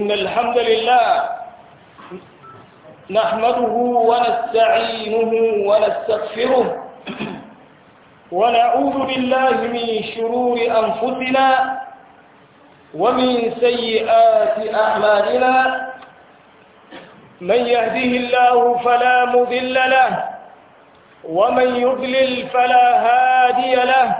إن الحمد لله نحمده ونستعينه ونستغفره ونعوذ بالله من شرور أنفسنا ومن سيئات أعمالنا من يهده الله فلا مضل له ومن يضلل فلا هادي له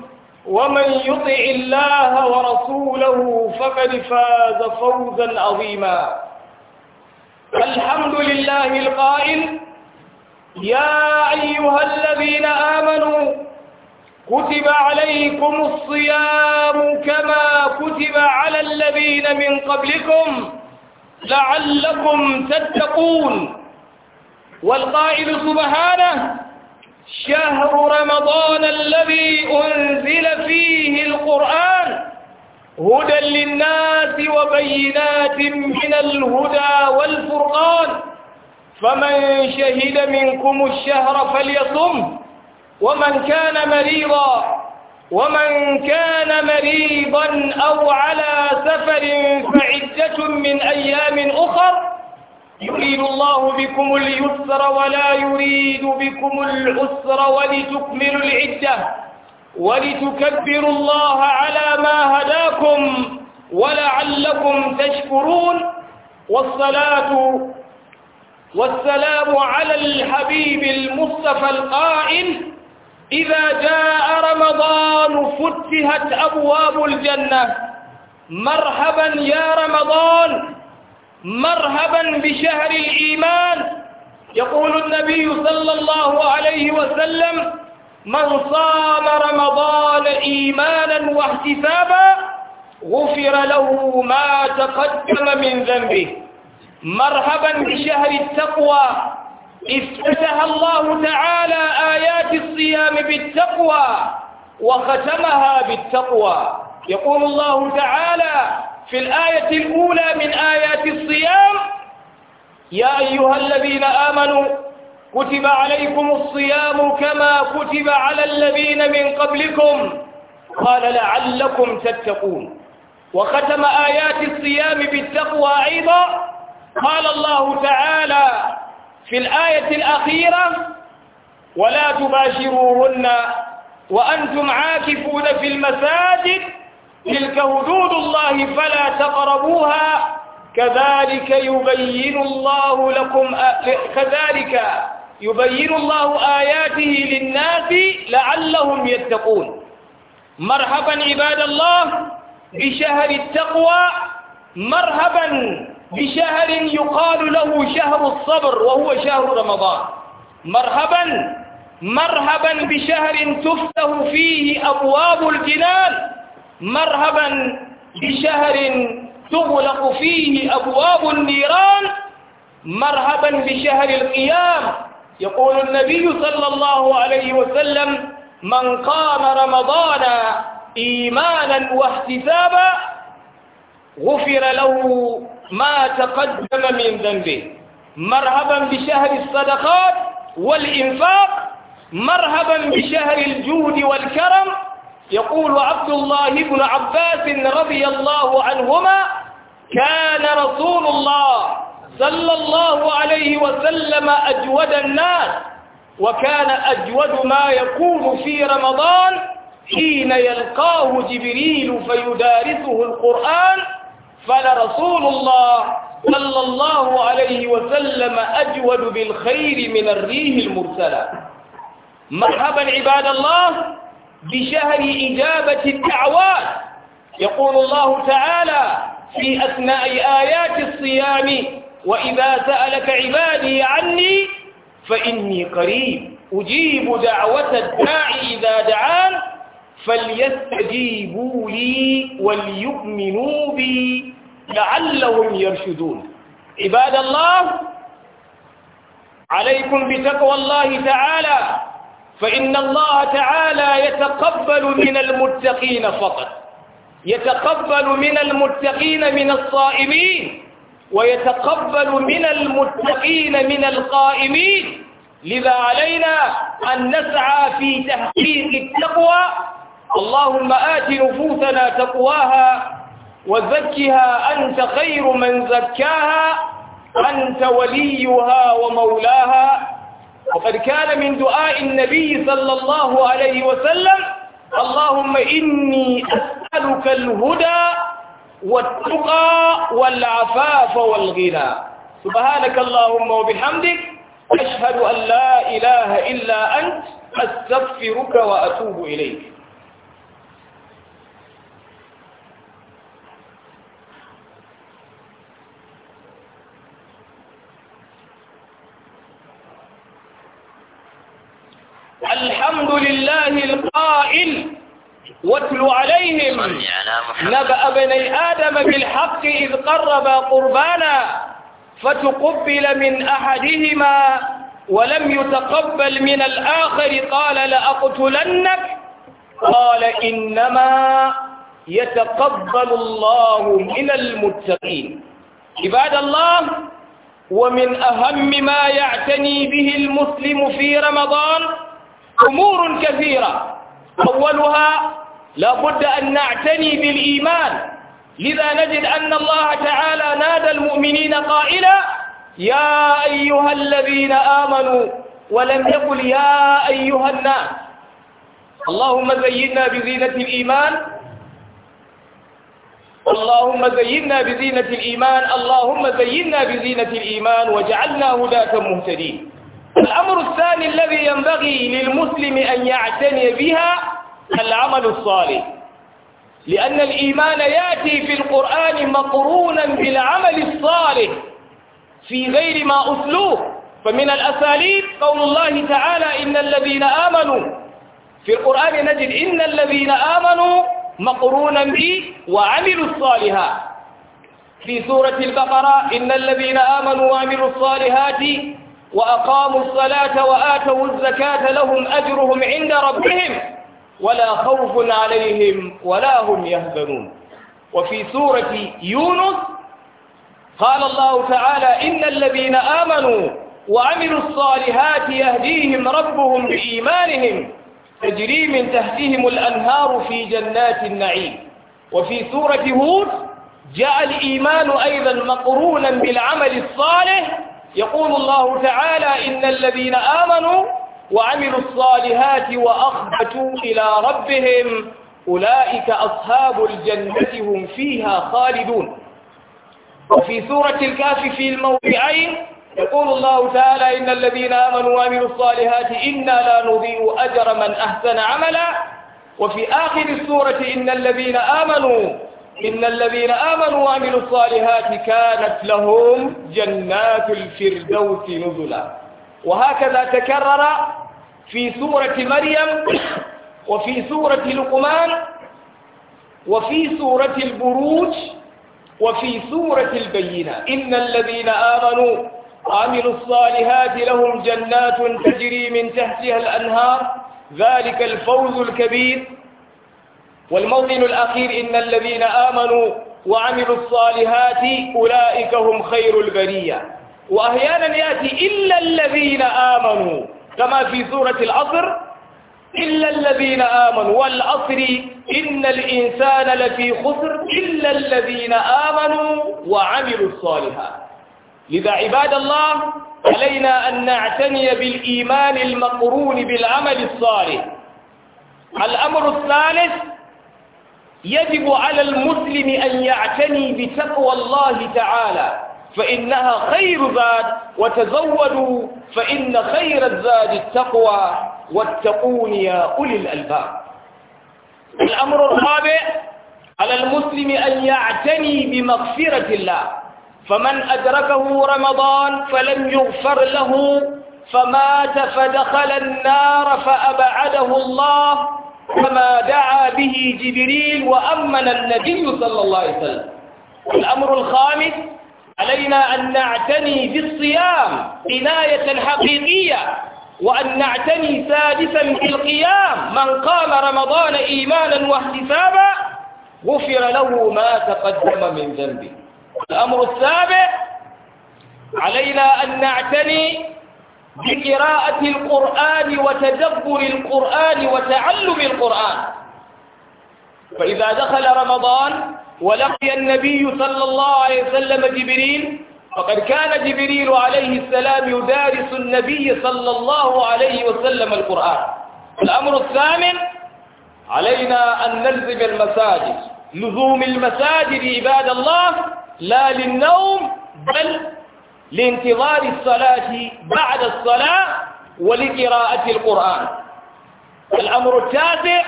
ومن يطع الله ورسوله فقد فاز فوزا عظيما الحمد لله القائل يا أيها الذين آمنوا كتب عليكم الصيام كما كتب على الذين من قبلكم لعلكم تتقون والقائل سبحانه شهر رمضان الذي أنزل فيه القرآن هدى للناس وبينات من الهدى والفرقان فمن شهد منكم الشهر فليصم ومن كان مريضا ومن كان مريضا أو على سفر فعدة من أيام أخر يريد الله بكم اليسر ولا يريد بكم العسر ولتكملوا العدة ولتكبروا الله على ما هداكم ولعلكم تشكرون والصلاة والسلام على الحبيب المصطفى القائل إذا جاء رمضان فتحت أبواب الجنة مرحبا يا رمضان مرهبا بشهر الإيمان يقول النبي صلى الله عليه وسلم من صام رمضان إيمانا واحتسابا غفر له ما تقدم من ذنبه مرهبا بشهر التقوى افتتح الله تعالى آيات الصيام بالتقوى وختمها بالتقوى يقول الله تعالى في الآية الأولى من آيات الصيام يا أيها الذين آمنوا كتب عليكم الصيام كما كتب على الذين من قبلكم قال لعلكم تتقون وختم آيات الصيام بالتقوى أيضا قال الله تعالى في الآية الأخيرة ولا تباشروهن وأنتم عاكفون في المساجد تلك حدود الله فلا تقربوها كذلك يبين الله لكم كذلك يبين الله آياته للناس لعلهم يتقون مرحبا عباد الله بشهر التقوى مرحبا بشهر يقال له شهر الصبر وهو شهر رمضان مرحبا مرحبا بشهر تفتح فيه أبواب الجنان مرهبا بشهر تغلق فيه أبواب النيران مرهبا بشهر القيام يقول النبي صلى الله عليه وسلم من قام رمضان إيمانا واحتسابا غفر له ما تقدم من ذنبه مرهبا بشهر الصدقات والإنفاق مرهبا بشهر الجود والكرم يقول عبد الله بن عباس رضي الله عنهما كان رسول الله صلى الله عليه وسلم أجود الناس وكان أجود ما يكون في رمضان حين يلقاه جبريل فيدارسه القرآن فلرسول الله صلى الله عليه وسلم أجود بالخير من الريح المرسلة مرحبا عباد الله بشهر إجابة الدعوات يقول الله تعالى في أثناء آيات الصيام وإذا سألك عبادي عني فإني قريب أجيب دعوة الداع إذا دعان فليستجيبوا لي وليؤمنوا بي لعلهم يرشدون عباد الله عليكم بتقوى الله تعالى فإن الله تعالى يتقبل من المتقين فقط يتقبل من المتقين من الصائمين ويتقبل من المتقين من القائمين لذا علينا أن نسعى في تحقيق التقوى اللهم آت نفوسنا تقواها وزكها أنت خير من زكاها أنت وليها ومولاها وقد كان من دعاء النبي صلى الله عليه وسلم اللهم إني أسألك الهدى والتقى والعفاف والغنى سبحانك اللهم وبحمدك أشهد أن لا إله إلا أنت أستغفرك وأتوب إليك رسول الله القائل واتل عليهم نبأ بني آدم بالحق إذ قربا قربانا فتقبل من أحدهما ولم يتقبل من الآخر قال لأقتلنك قال إنما يتقبل الله من المتقين عباد الله ومن أهم ما يعتني به المسلم في رمضان أمور كثيرة أولها لا بد أن نعتني بالإيمان لذا نجد أن الله تعالى نادى المؤمنين قائلا يا أيها الذين آمنوا ولم يقل يا أيها الناس اللهم زينا بزينة الإيمان اللهم زينا بزينة الإيمان اللهم زينا بزينة الإيمان وجعلنا هداة مهتدين الأمر الثاني الذي ينبغي للمسلم أن يعتني بها العمل الصالح لأن الإيمان يأتي في القرآن مقرونا بالعمل الصالح في غير ما أسلوب فمن الأساليب قول الله تعالى إن الذين آمنوا في القرآن نجد إن الذين آمنوا مقرونا بي وعملوا الصالحات في سورة البقرة إن الذين آمنوا وعملوا الصالحات وأقاموا الصلاة وآتوا الزكاة لهم أجرهم عند ربهم ولا خوف عليهم ولا هم يهزنون وفي سورة يونس قال الله تعالى إن الذين آمنوا وعملوا الصالحات يهديهم ربهم بإيمانهم تجري من تحتهم الأنهار في جنات النعيم وفي سورة هود جاء الإيمان أيضا مقرونا بالعمل الصالح يقول الله تعالى إن الذين آمنوا وعملوا الصالحات وأخبتوا إلى ربهم أولئك أصحاب الجنة هم فيها خالدون وفي سورة الكاف في الموضعين يقول الله تعالى إن الذين آمنوا وعملوا الصالحات إنا لا نضيء أجر من أحسن عملا وفي آخر السورة إن الذين آمنوا إن الذين آمنوا وعملوا الصالحات كانت لهم جنات الفردوس نزلا وهكذا تكرر في سورة مريم وفي سورة لقمان وفي سورة البروج وفي سورة البينة إن الذين آمنوا وعملوا الصالحات لهم جنات تجري من تحتها الأنهار ذلك الفوز الكبير والموطن الأخير إن الذين آمنوا وعملوا الصالحات أولئك هم خير البرية وأحيانا يأتي إلا الذين آمنوا كما في سورة العصر إلا الذين آمنوا والعصر إن الإنسان لفي خسر إلا الذين آمنوا وعملوا الصالحات لذا عباد الله علينا أن نعتني بالإيمان المقرون بالعمل الصالح الأمر الثالث يجب على المسلم أن يعتني بتقوى الله تعالى فإنها خير زاد وتزودوا فإن خير الزاد التقوى واتقون يا أولي الألباب الأمر الرابع على المسلم أن يعتني بمغفرة الله فمن أدركه رمضان فلم يغفر له فمات فدخل النار فأبعده الله وما دعا به جبريل وأمن النبي صلى الله عليه وسلم الأمر الخامس علينا أن نعتني بالصيام عناية حقيقية وأن نعتني سادسا بالقيام من قام رمضان إيمانا واحتسابا غفر له ما تقدم من ذنبه الأمر السابع علينا أن نعتني بقراءة القرآن وتدبر القرآن وتعلم القرآن فإذا دخل رمضان ولقي النبي صلى الله عليه وسلم جبريل فقد كان جبريل عليه السلام يدارس النبي صلى الله عليه وسلم القرآن الأمر الثامن علينا أن نلزم المساجد لزوم المساجد عباد الله لا للنوم بل لانتظار الصلاة بعد الصلاة ولقراءة القرآن الأمر التاسع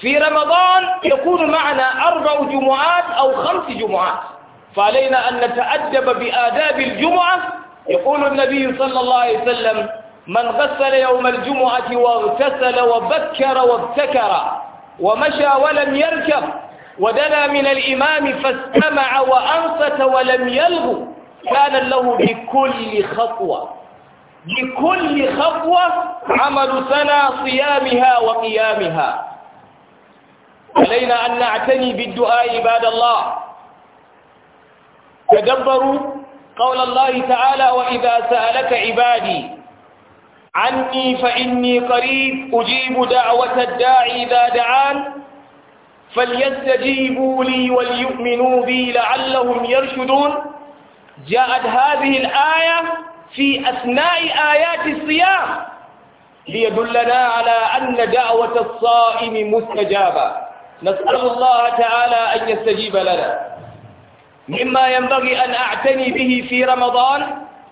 في رمضان يكون معنا أربع جمعات أو خمس جمعات فعلينا أن نتأدب بآداب الجمعة يقول النبي صلى الله عليه وسلم من غسل يوم الجمعة واغتسل وبكر وابتكر ومشى ولم يركب ودنا من الإمام فاستمع وأنصت ولم يلغو كان له بكل خطوة بكل خطوة عمل سنة صيامها وقيامها علينا أن نعتني بالدعاء عباد الله تدبروا قول الله تعالى وإذا سألك عبادي عني فإني قريب أجيب دعوة الداعي إذا دعان فليستجيبوا لي وليؤمنوا بي لعلهم يرشدون جاءت هذه الآية في أثناء آيات الصيام ليدلنا على أن دعوة الصائم مستجابة نسأل الله تعالى أن يستجيب لنا مما ينبغي أن أعتني به في رمضان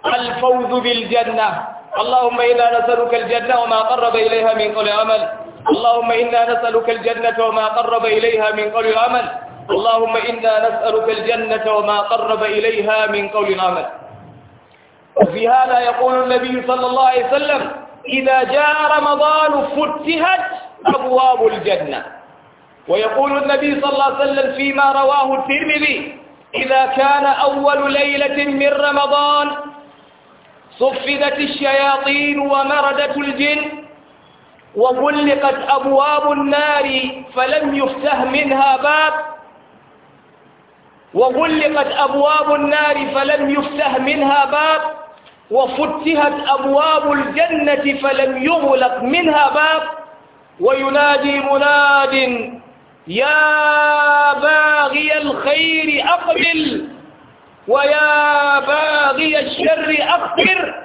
الفوز بالجنة اللهم إنا نسألك الجنة وما قرب إليها من قول عمل اللهم إنا نسألك الجنة وما قرب إليها من قول عمل اللهم إنا نسألك الجنة وما قرب إليها من قول آمن وفي هذا يقول النبي صلى الله عليه وسلم إذا جاء رمضان فتحت أبواب الجنة ويقول النبي صلى الله عليه وسلم فيما رواه الترمذي إذا كان أول ليلة من رمضان صفدت الشياطين ومردت الجن وغلقت أبواب النار فلم يفتح منها باب وغلقت أبواب النار فلم يفتح منها باب وفتحت أبواب الجنة فلم يغلق منها باب وينادي مناد يا باغي الخير أقبل ويا باغي الشر أقبر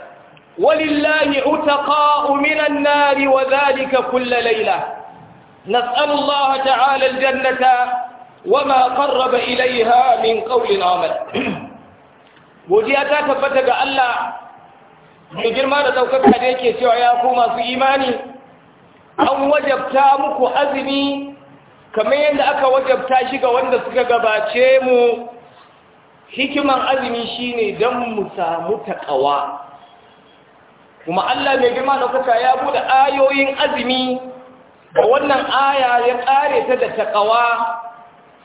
ولله عتقاء من النار وذلك كل ليلة نسأل الله تعالى الجنة وما قرب إليها من قول عمل godiya ta tabbata ga Allah mai girma da ɗaukaka da yake cewa ya ku masu imani an wajabta muku azumi kamar yadda aka wajabta shi ga wanda suka gabace mu hikiman azumi shine don mu samu taƙawa kuma Allah mai girma ɗaukaka ya buɗe ayoyin azumi ga wannan aya ya ƙare ta da taƙawa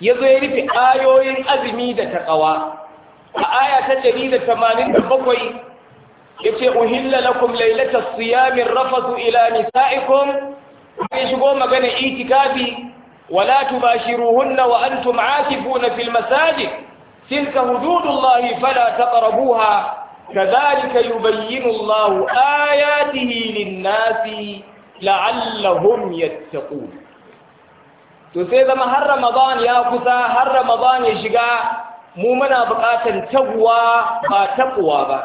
ya zo ya rufe ayoyin azumi da taqawa a aya ta 187 yace uhilla lakum laylatas siyamin rafasu ila nisaikum sai shigo magana itikafi wala tubashiruhunna wa antum aakifuna fil masajid tilka hududullahi fala taqrabuha كذلك يبين الله آياته للناس ya يتقون to sai zama har ramadan ya kusa har ramadan ya shiga mu muna buƙatar taguwa ba tabuwa ba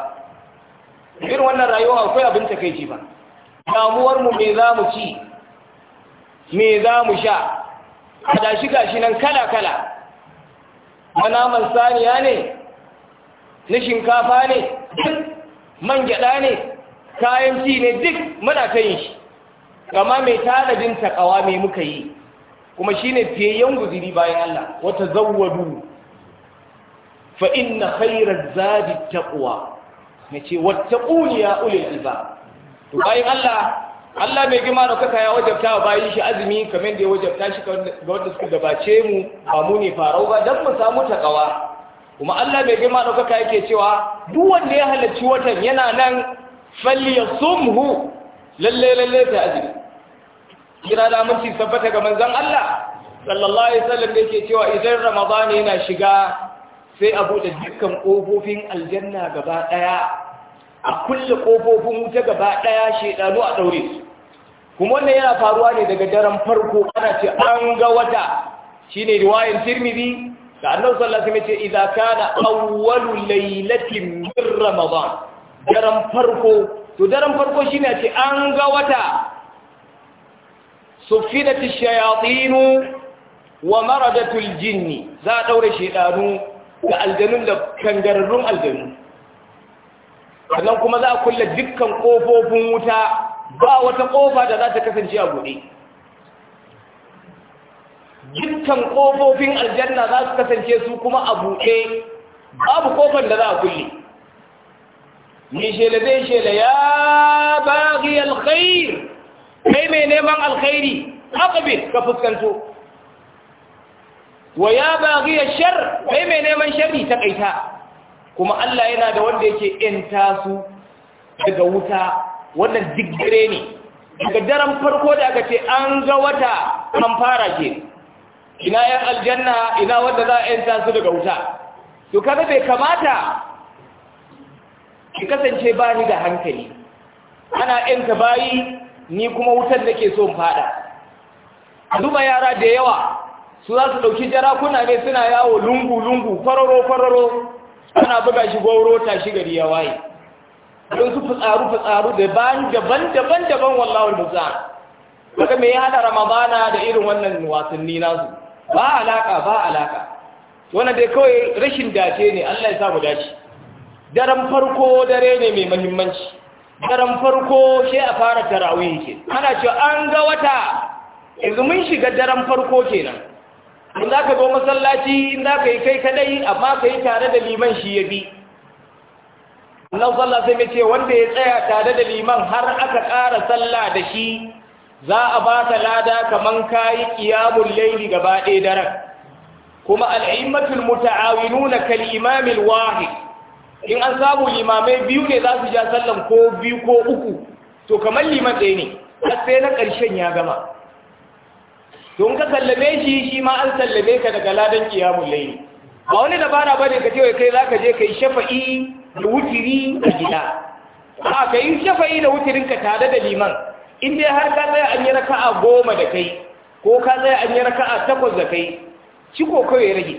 irin wannan rayuwa akwai abin takaici ba damuwar mu me za mu ci me za mu sha Kada shiga gashi nan kala kala mana man saniya ne na shinkafa ne man gyada ne kayan ci ne duk muna ta shi gama mai tanadin takawa mai muka yi kuma shine fiyayyen guziri bayan Allah wata zawwadu fa inna khairaz zadi taqwa nace wattaquni ya ulil albab to bayan Allah Allah mai gima da kaka ya wajabta wa bayan shi azumi kamar da ya wajabta shi ga wanda suka gabace mu ba mu ne farau ba dan mu samu takawa kuma Allah mai gima da kaka yake cewa duk wanda ya halarci watan yana nan falyasumhu lalle lalle ta azumi kira da mun tabbata ga manzan Allah sallallahu alaihi wasallam yake cewa idan ramadani yana shiga sai a bude dukkan kofofin aljanna gaba daya a kulle kofofin wuta gaba daya shedanu a daure kuma wannan yana faruwa ne daga daren farko ana ce an ga wata shine riwayar Tirmidhi da Annabi sallallahu alaihi wasallam yace idza kana awwalu laylatin min ramadan daren farko to daren farko shine ce an ga wata sufinat ash-shayatin wa maradatul jinni za a daure shedanu da aljanun da kangararrun aljanu sannan kuma za a kulle dukkan kofofin wuta ba wata kofa da za ta kasance a buɗe dukkan kofofin aljanna za su kasance su kuma a buɗe babu kofar da za a kulle mai shela zai shela ya baghi alkhair kai mai neman alkhairi aqbil ka fuskanto wa ya baghiya shar kai mai neman shari ta kaita kuma Allah yana da wanda yake enta tasu daga wuta wannan digire ne daga daren farko da aka ce an ga wata an fara ke ina yan aljanna ina wanda za a enta su daga wuta to kada bai kamata ki kasance bani da hankali ana yanta bayi ni kuma wutar nake so in fada duba yara da yawa su za su dauki jarakuna ne suna yawo lungu lungu fararo fararo ana buga shi gwauro ta shi gari ya waye don su fitsaru fitsaru daban daban daban daban wallahul kaga me ya hada ramadana da irin wannan wasanni nasu ba alaka ba alaka wannan dai kawai rashin dace ne Allah ya sa mu dace daren farko dare ne mai muhimmanci daren farko sai a fara tarawih ke ana ce an ga wata yanzu mun shiga daren farko kenan in za ka zo masallaci in za ka yi kai kadai amma ka yi tare da liman shi ya bi Allah sallah sai ce wanda ya tsaya tare da liman har aka ƙara sallah da shi za a ba ta lada kaman kayi ƙiyamun laili gaba ɗaya daren kuma al'immatul muta'awinuna kal kalimamin wahid in an samu limamai biyu ne za su ja sallan ko biyu ko uku to kamar liman ɗaya ne har sai na ƙarshen ya gama to in ka sallame shi shi ma an sallame ka daga ladan kiyamun laili ba wani dabara bane ka ce kai za ka je ka yi shafa'i da wutiri a gida a ka yi shafa'i da wutirin ka tare da liman in dai har ka tsaya an yi raka'a goma da kai ko ka tsaya an yi raka'a takwas da kai ciko kawai ya rage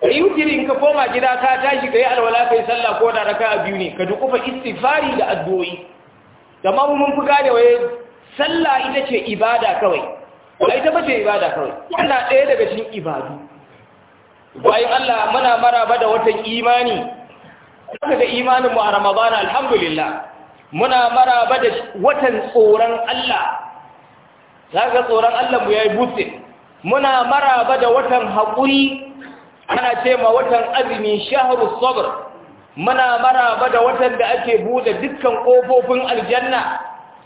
kai in ka koma gida ka tashi yi alwala kai sallah ko da raka'a biyu ne ka dukufa istighfari da addu'o'i amma mun fi gane waye sallah ita ce ibada kawai ba ita ba ce ibada kawai ana ɗaya daga cikin ibadu bayan Allah muna maraba da watan imani daga da imanin mu a Ramadan alhamdulillah muna maraba da watan tsoron Allah zaka tsoron Allah mu yayi boosting muna maraba da watan haƙuri ana ce ma watan azumi shahru sabr muna maraba da watan da ake bude dukkan kofofin aljanna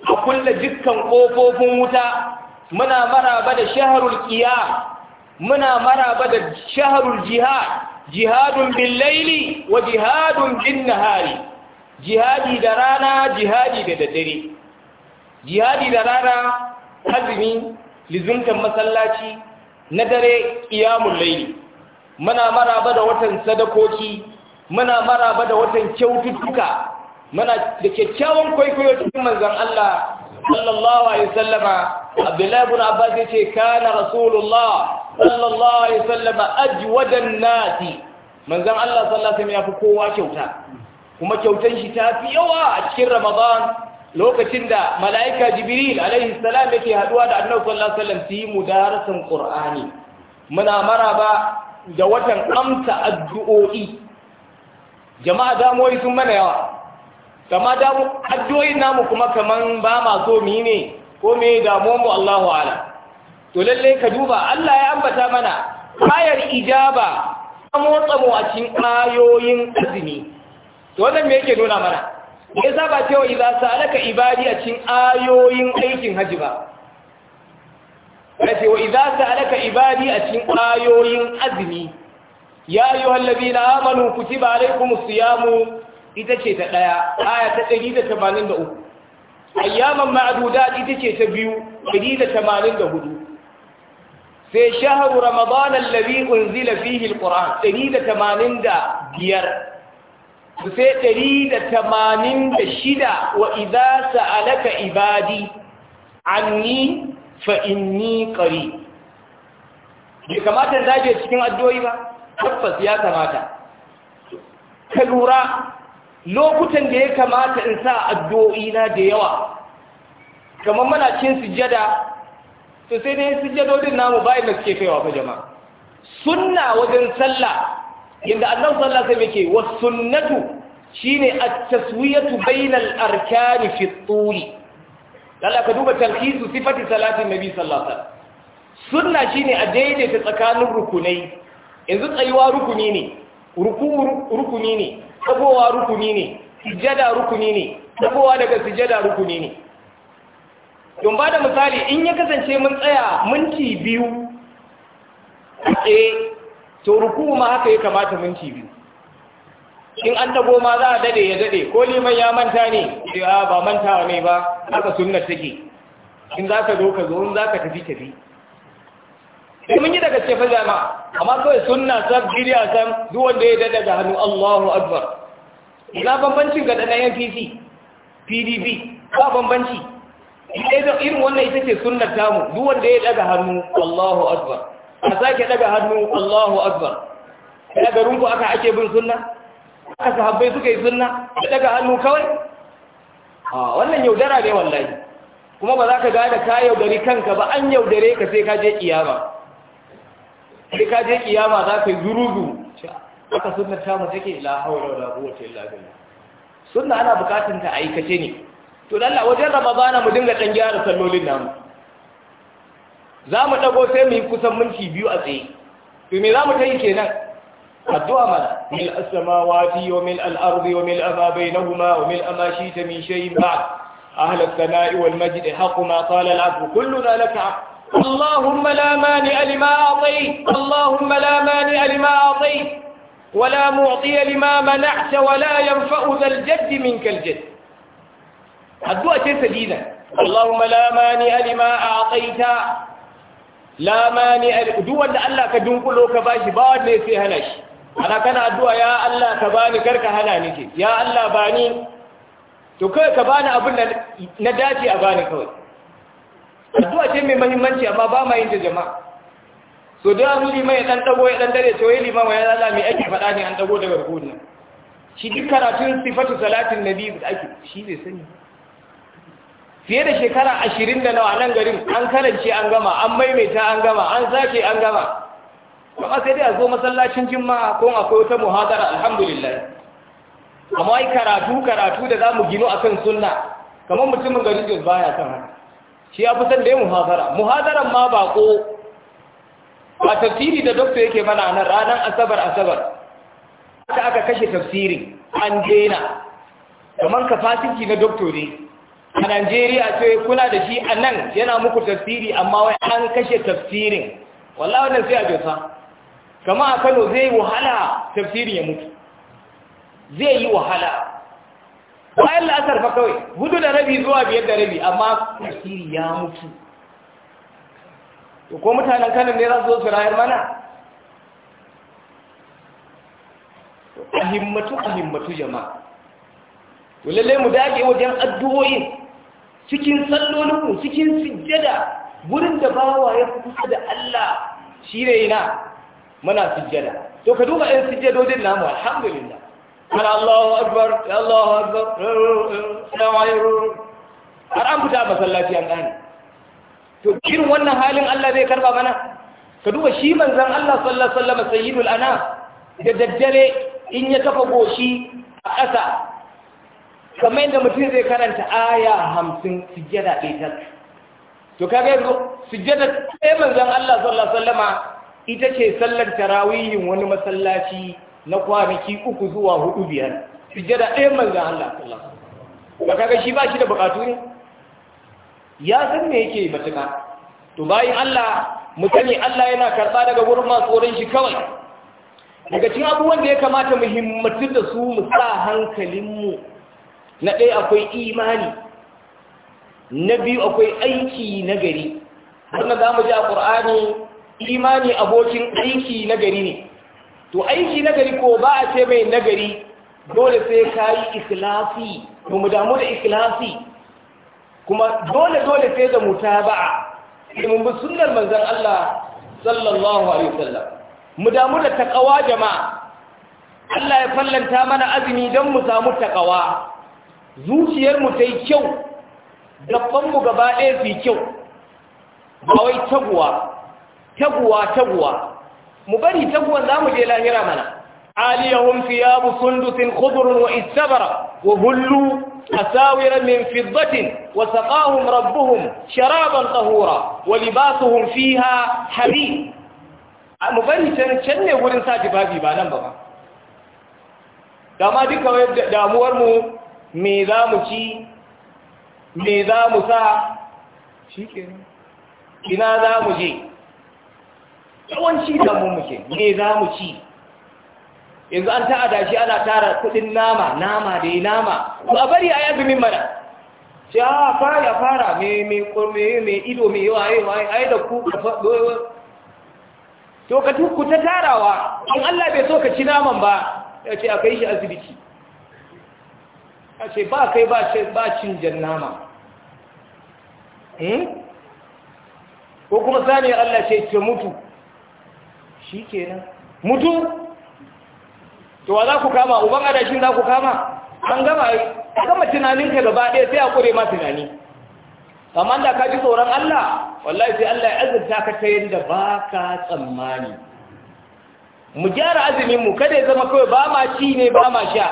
a kulle dukkan kofofin wuta muna maraba da shahrul qiyam muna maraba da shahrul jihad jihadun bil laili wa jihadun bin nahari jihadi da rana jihadi da daddare jihadi da rana azumi lizuntan masallaci na dare qiyamul laili muna maraba da watan sadakoki muna maraba da watan kyaututtuka muna da kyakkyawan kwaikwayo cikin manzon Allah sallallahu alaihi wasallama Abdullahi ibn Abbas yace kana Rasulullah sallallahu alaihi wasallama ajwadan nasi manzon Allah sallallahu alaihi wasallam kowa kyauta kuma kyautan shi ta fi yawa a cikin Ramadan lokacin da mala'ika Jibril alaihi salam yake haduwa da Annabi sallallahu alaihi wasallam su yi mudarasan Qur'ani muna maraba da watan amsa addu'o'i jama'a damuwai sun mana yawa kama damu addu'o'in namu kuma kaman ba ma so mi ne ko me damuwan mu Allahu ala to lalle ka duba Allah ya ambata mana ayar ijaba motsa mu a cikin ayoyin azumi to wannan me yake nuna mana yasa ba cewa sa alaka ibadi a cikin ayoyin aikin haji ba yace wa idza sa'alaka ibadi a cikin ayoyin azumi ya ayyuhal ladina amanu kutiba alaykumus siyamu ita ce ta daya aya ta 183 ayyaman ma'dudat ita ce ta biyu 184 sai shahru ramadan alladhi unzila fihi alquran 185 sai ɗari da tamanin da shida wa iza sa'alaka ibadi anni fa inni qari bai kamata zage cikin addu'o'i ba tabbas ya kamata ka lura lokutan da ya kamata in sa addu'o'i na da yawa kamar mana cin sujjada to sai dai sujjadodin namu ba inda suke kaiwa fa jama'a sunna wajen sallah yadda annabi sallallahu alaihi wasallam yake was sunnatu shine at-taswiyatu bainal arkani fi tuli Allah ka duba talhisu sifati salatin nabi sallallahu alaihi wasallam sunna shine a daidaita tsakanin rukunai yanzu tsayuwa rukuni ne rukumu rukuni ne tabowa rukuni ne sijjada rukuni ne tabowa daga sujada rukuni ne don ba da misali in ya kasance mun tsaya minti biyu eh to rukuma ma haka ya kamata minti biyu in an dago ma za a dade ya dade ko liman ya manta ne ya ah, ba mantawa ne ba haka sunnar take in za ka zo ka zo in za ka tafi tafi sai mun yi daga cefa jama amma kawai sunna sab bidiya san duk wanda ya dada ga hannu Allahu akbar ina bambancin ga yan PC PDP ba bambanci irin wannan ita ce sunnar tamu duk wanda ya daga hannu Allahu akbar a sake daga hannu Allahu akbar ya garin ku aka ake bin sunna haka sahabbai suka yi sunna da daga hannu kawai a wannan yaudara ne wallahi kuma ba za ka gane ka yaudari kanka ba an yaudare ka sai ka je kiyama sai ka je kiyama za ka yi zurugu haka sunna ta mu take lahawar hawla wala quwwata sunna ana bukatun ta aikace ne to Allah wajen ramadana mu dinga dan gyara sallolin namu za mu dago sai mu yi kusan minti biyu a tsaye to me za mu ta yi kenan الدعاء من ملء السماوات وملء الأرض وملء ما بينهما وملء ما شئت من شيء بعد أهل الثناء والمجد حق ما قال العبد كلنا لك عبد اللهم لا مانع لما أعطيت اللهم لا مانع لما أعطيت ولا معطي لما منعت ولا ينفع ذا الجد منك الجد الدعاء سديدة اللهم لا مانع لما أعطيت لا مانع دون الله كدنقلو كباشي بعد ليس هنش ana kana addu'a ya Allah ka bani karka hana ni ce ya Allah bani to kai ka bani abin da na dace a bani kawai addu'a ce mai muhimmanci amma ba ma yin jama'a so da an lima ya dan dago ya dan dare to yayi mai ya Allah mai ake faɗa ne an dago daga rukun nan shi duk karatun sifatu salatin nabi ake shi zai sani fiye da shekara ashirin da nawa nan garin an karance an gama an maimaita an gama an sake an gama a sai dai a zo masallacin jimma ko akwai wata muhadara alhamdulillah amma ai karatu karatu da zamu gino akan sunna kamar mutumin garin Jos baya san haka shi ya fi san da ya muhadara muhadaran ma ko ba tafsiri da dokta yake mana nan ranar asabar asabar aka aka kashe tafsirin an daina kamar kafasiti na doktori a Najeriya ce kula da shi a nan yana muku tafsiri amma wai an kashe tafsirin wallahi wannan sai a josa kama a kano zai wahala tafsirin ya mutu zai yi wahala bayan la'asar fa kawai hudu da rabi zuwa biyar da rabi amma tafsiri ya mutu ko mutanen kanan ne za su zo su rayar mana Ahimmatu-ahimmatu jama'a lallai mu dage wajen addu'o'in cikin sallolinmu cikin sujjada wurin da bawa ya kusa da Allah shi ne yana muna sujjada to ka duba ɗin sujjadodin namu alhamdulillah Kana Allahu akbar Allahu akbar har an fita masallaci an gane to irin wannan halin Allah zai karba mana ka duba shi manzon Allah sallallahu alaihi wasallam sayyidul anam da daddare in ya kafa goshi a ƙasa kamar yadda mutum zai karanta aya hamsin sujjada ɗaya to kaga yanzu sujjada ɗaya manzon Allah sallallahu alaihi wasallama ita ce sallar tarawihin wani masallaci na kwanaki uku zuwa hudu biyar sujjada ɗaya manzan Allah sallallahu alaihi wasallam shi ba shi da bukatu ne ya san me yake matuka to bayan Allah mu sani Allah yana karba daga gurin masu tsoron shi kawai daga cikin abubuwan da ya kamata mu himmatu da su mu sa hankalin mu na ɗaya akwai imani na biyu akwai aiki na gari har zamu ji a Qur'ani imani abokin aiki nagari ne to aiki nagari ko ba a ce mai nagari dole sai ka yi ikilasi to mu damu da ikilasi kuma dole dole sai da mutaba'a mun bi sunnar manzon Allah sallallahu alaihi wasallam mu damu da takawa jama'a Allah ya fallanta mana azumi don mu samu takawa zuciyar mu ta yi kyau gaban mu gaba ɗaya su yi kyau ba wai taguwa taguwa taguwa mu bari taguwan za je lahira mana aliyahum thiyabu sundusin khudrun wa istabara wa hullu asawira min fiddatin wa saqahum rabbuhum sharaban tahura wa libasuhum fiha harir mu bari can can ne wurin sa jibabi ba nan ba ba dama duka damuwar mu me za mu ci me za mu sa ina za mu je yawanci mu muke ne za mu ci yanzu an ta adashi ana tara kudin nama nama da nama to a bari a yi azumin mana ce ah, a fara ya fara mai ido mai yawa yawa ai da ku ka faɗo to ka tuku ta tarawa in Allah bai so ka ci naman ba ya ce a kai shi asibiti ya ce ba kai ba cin jan nama eh? ko kuma saniyar Allah ce ce mutu shi kenan mutu to wa za ku kama uban adashin za ku kama an gama a gama tunaninka gaba ɗaya sai a ƙure ma tunani amma da ka ji tsoron Allah wallahi sai Allah ya azurta ka ta yadda ba ka tsammani mu gyara azuminmu kada ya zama kawai ba ma ci ne ba ma sha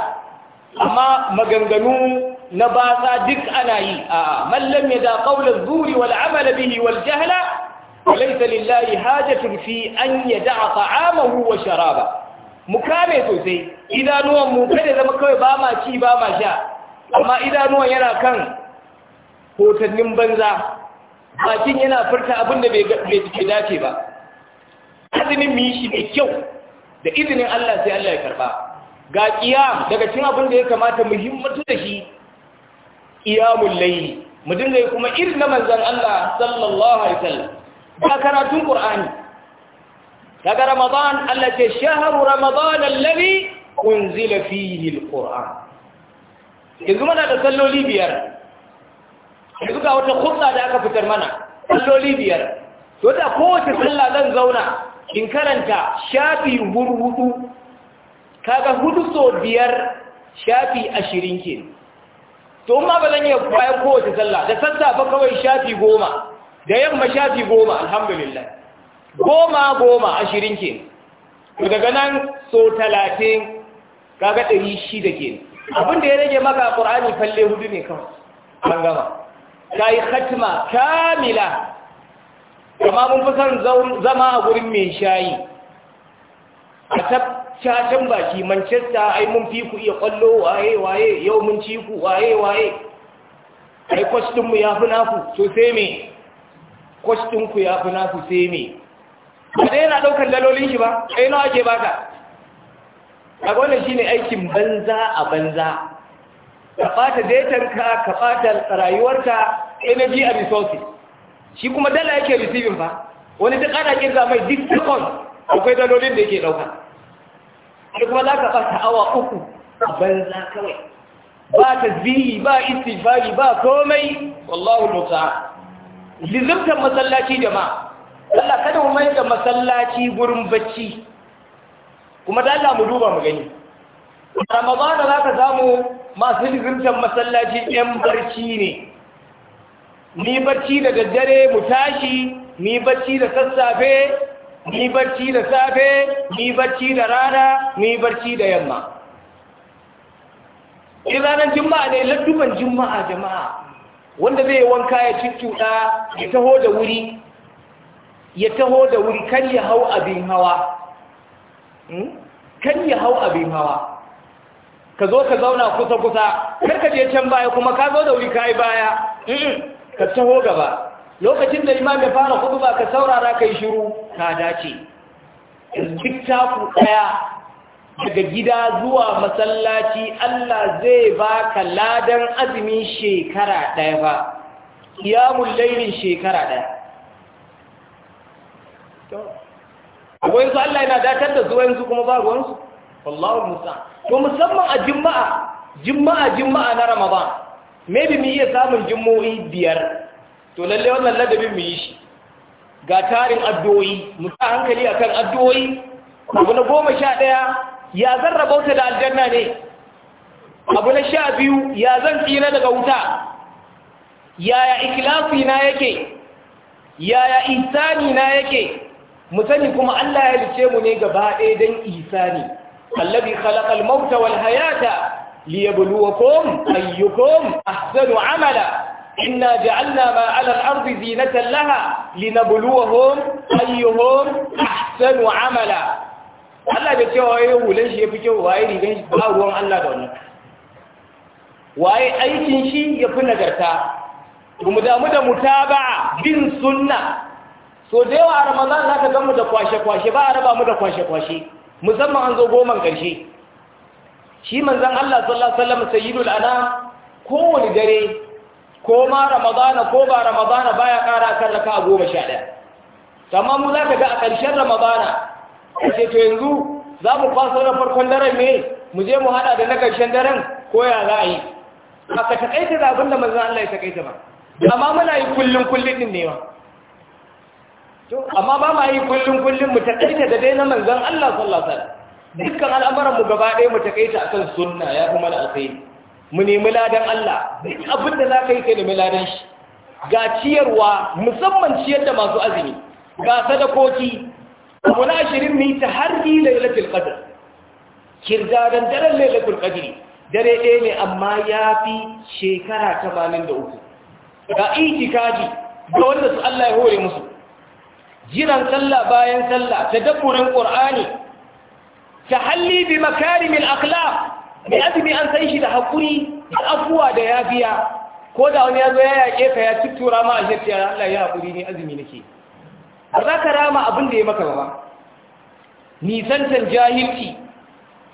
amma maganganu na basa duk ana yi a mallam ya da ƙaunar zuri wal amala bihi wal jahala Alaita lillahi turfi, fi an yi da a fa’amun ruwa shara ba. sosai, idanuwan muka ne zama kawai ba ma ci ba ma sha, amma idanuwan yana kan hotannin banza, bakin yana furta abin da bai cikin dace ba. Azinin mu yi shi mai kyau da izinin Allah sai Allah ya karba. Ga ƙiya daga cin abin da ya kamata mu himmatu da shi, ƙiya mullayi, mu dinga yi kuma irin na manzan Allah sallallahu Alaihi wasallam. ga karatun Qur'ani daga Ramadan Allah ce Ramadan alladhi unzila fihi alquran yanzu mana da salloli biyar yanzu ga wata kusa da aka fitar mana salloli biyar to da kowace sallah zan zauna in karanta shafi hudu-hudu. kaga hudu so biyar shafi ashirin ke to ma ba zan bayan kowace sallah da sassa kawai shafi goma da yamma shafi goma alhamdulillah goma goma ashirin ke daga nan so talatin kaga ɗari shi da ke abin ya rage maka ƙorani falle hudu ne kawai an gama ta yi hatima kamila kama mun fi son zama a gurin mai shayi a tabbacin baki manchester ai mun fi ku iya kwallo waye waye yau mun ci ku waye waye ai kwastinmu ya fi naku sosai mai kwastin ku ya fi nasu sai ne ba ɗaya na ɗaukar dalolin shi ba ɗaya nawa ke ka a shi ne aikin banza a banza ka fata daitanka ka fata rayuwarka energy and resources shi kuma dala yake receiving ba wani duk ana kirga mai duk second akwai dalolin da yake ɗauka sai kuma za ka fata awa uku a banza kawai ba tasbihi ba istifari ba komai wallahu ta'ala lizubtar masallaci jama'a Allah kada mu mai da masallaci gurin bacci kuma da Allah mu duba mu gani Ramadana za ka samu masu lizubtar masallaci yan barci ne ni barci da daddare mu tashi ni barci da sassafe ni barci da safe ni barci da rana ni barci da yamma ranar juma'a ne ladduban juma'a jama'a wanda zai wanka ya cuccuɗa ya taho da wuri ya taho da wuri kan ya hau abin hawa hmm? kan ya hau abin hawa ka zo ka zauna kusa-kusa kar ka je can baya kuma ka zo da wuri ka yi baya hmm? ka taho gaba lokacin da imam ya fara kudu ba ka saurara ka yi shiru ka dace duk taku ɗaya daga gida zuwa masallaci Allah zai baka ladan azumin shekara ɗaya ba ya lailin shekara ɗaya akwai su Allah yana datar da zuwa yanzu kuma ba ruwansu wallahu musa to musamman a jimma'a jimma'a jimma'a na ramadan maybe mu iya samun jimmo'i biyar to lalle wannan ladabin mu yi shi ga tarin addu'o'i mu sa hankali akan addu'o'i abu na goma sha ɗaya ya zan rabauta da aljanna ne abu na sha biyu ya zan tsira daga wuta yaya ikilasi na yake yaya isani na yake mu sani kuma Allah ya lice mu ne gaba ɗaya don isani allabi khalaqal mauta wal hayata liyabluwakum ayyukum ahsanu amala إنا جعلنا ما على الأرض زينة لها لنبلوهم أيهم Ahsanu amala. Allah da cewa ya hulen shi ya fi kyau waye rigan shi ba ruwan Allah da wannan waye aikin shi ya fi nagarta mu damu da mutaba'a bin sunna so da yawa a ramadan za ka ga mu da kwashe-kwashe ba a raba mu da kwashe-kwashe musamman an zo goma ƙarshe shi zan Allah sallallahu alaihi wasallam sayyidul Ko kowane dare ko ma ramadana ko ba ramadana baya ƙara kan raka goma sha ɗaya amma mu za ka ga a ƙarshen ramadana ake to yanzu za mu kwaso na farkon daren ne mu je mu hada da na ƙarshen daren ko ya za a yi ba ka taƙaita da abin da manzan Allah ya taƙaita ba amma muna yi kullum kullum din ne ba amma ba ma yi kullum kullum mu taƙaita da dai na manzan Allah sallallahu alaihi wasallam dukkan al'amuran mu gaba ɗaya mu taƙaita akan sunna ya fi mana alkhairi mu nemi ladan Allah abin da za ka yi kai nemi shi ga ciyarwa musamman ciyar da masu azumi ga sadakoki abu ashirin mu yi ta harbi lailatul qadr kirdadan daren lailatul qadr dare ɗaya ne amma ya fi shekara tamanin da uku ga itikaji ga wanda su Allah ya hore musu jiran sallah bayan sallah tadabburin qur'ani tahalli bi makarimil akhlaq mai azumi an sai shi da hakuri da afuwa da yafiya ko da wani ya zo ya yaƙe ka ya tuttura ma a shirya Allah ya haƙuri ne azumi nake ba za ka rama abin da ya maka ba nisantar jahilci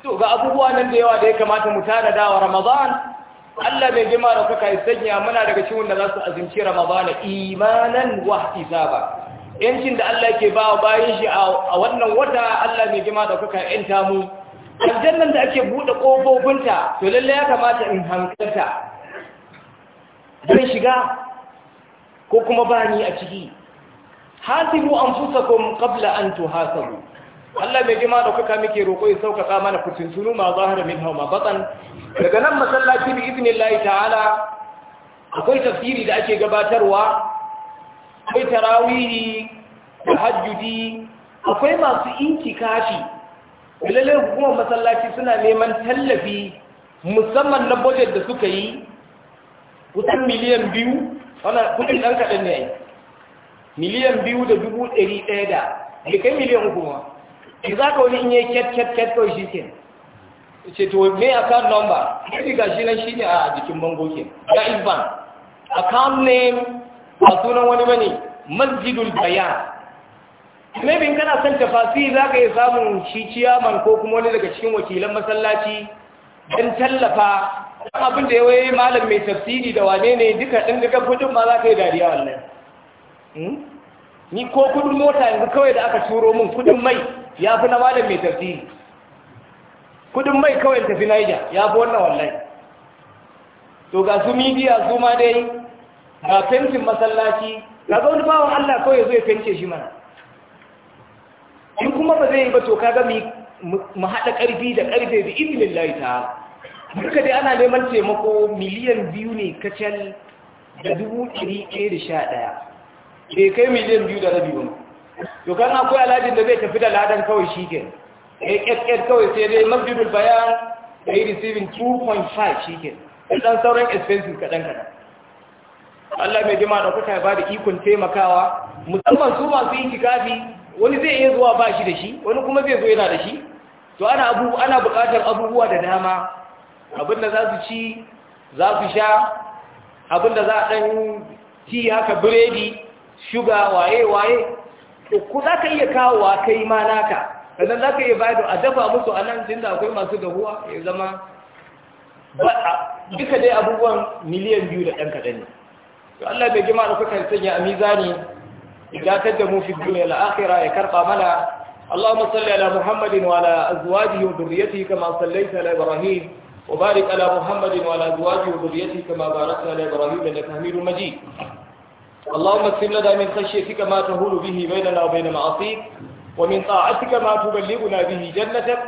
to ga abubuwa nan da yawa da ya kamata mu tana da wa ramadan Allah mai jima da kuka yi sanya muna daga cikin da za su azinci Ramadan. imanan wa ihtisaba yancin da Allah ke ba bayan shi a wannan wata Allah mai jima da kuka yanta mu aljannan da ake buɗe kofofinta to lalle ya kamata in hankalta zan shiga ko kuma bani a ciki hasibu anfusakum qabla an tuhasabu Allah mai jima da kuka muke roƙo ya sauƙaƙa mana kusin sunu ma zahara min hau batan daga nan masallaci bi iznillahi ta'ala akwai tafsiri da ake gabatarwa akwai tarawihi da hajjudi akwai masu inki kashi lalle hukumar masallaci suna neman tallafi musamman na budget da suka yi kusan miliyan biyu wannan kudin ɗan kaɗan ne miliyan biyu da dubu ɗari ɗaya da da kai miliyan kuma ma za ka wani in yi cat cat cat kawai shi ke ce to me account number ya riga shi nan shi ne a jikin bango ke ya isban account name a sunan wani mani, masjidul bayan maybe kana son tafasi za ka yi samun shi ciyaman ko kuma wani daga cikin wakilan masallaci don tallafa abin da ya waye malam mai tafsiri da wane ne duka ɗin duka kudin ma za ka yi dariya wannan Hmm? ni ko kudin mota yanzu kawai da aka turo min kudin mai ya fi na malam mai tafsiri kudin mai kawai tafi naija ya fi wannan wallai. to ga su midiya su ma dai ga fentin masallaci ga zaune bawon allah kawai zai fence shi mana in kuma ba zai yi ba to kaga mu haɗa ƙarfi da ƙarfe da izinin layi ta duka dai ana neman taimako miliyan biyu ne kacal da dubu ɗari ɗaya da sha ɗaya ke kai miliyan biyu da rabi wani to kan akwai alhajin da zai tafi da ladan kawai shi ke ƙaƙƙar kawai sai dai masjidul bayan da yi receiving 2.5 shi ke ɗan sauran expenses kaɗan kaɗan Allah mai jima da kuka ba da ikon taimakawa musamman su masu yin kikafi wani zai iya zuwa ba shi da shi wani kuma zai zo yana da shi to ana ana buƙatar abubuwa da dama abin da za su ci za su sha abin da za a ɗan ci haka biredi shuga waye-waye uku za ka iya kawo kawowa kai ma naka sannan za ka iya bayar a dafa musu a nan jinda akwai masu dahuwa ya zama duka dai abubuwan miliyan biyu da ɗan kaɗani Allah bai gima da kuka sanya a miza mizani idatar da mu fi duniya la'akira ya karɓa mana Allah musalli ala Muhammadin wa ala azuwaji yau duriyati kama sallai ta Ibrahim wa barik ala Muhammadin wa ala azuwaji yau duriyati kama barasa ala Ibrahim da na Tahmiru Majid. اللهم اكفر لنا من خشيتك ما تهول به بيننا وبين معصيك ومن طاعتك ما تبلغنا به جنتك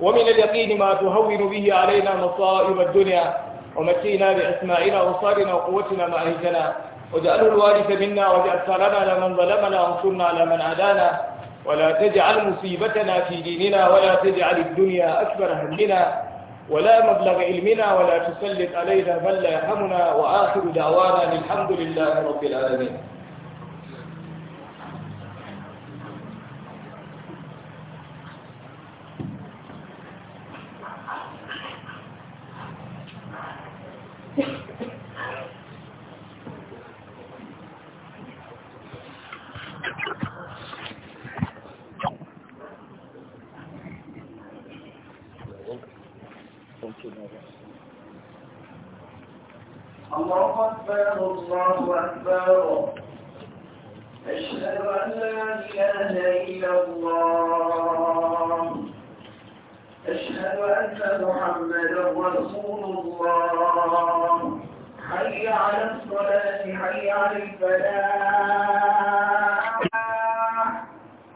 ومن اليقين ما تهون به علينا مصائب الدنيا ومتينا بأسماعنا وصارنا وقوتنا ما أهتنا واجعله الوارث منا واجعل ثارنا لمن ظلمنا وانصرنا على من عدانا ولا تجعل مصيبتنا في ديننا ولا تجعل الدنيا أكبر همنا ولا مبلغ علمنا ولا تسلط علينا من لا يهمنا وآخر دعوانا الحمد لله رب العالمين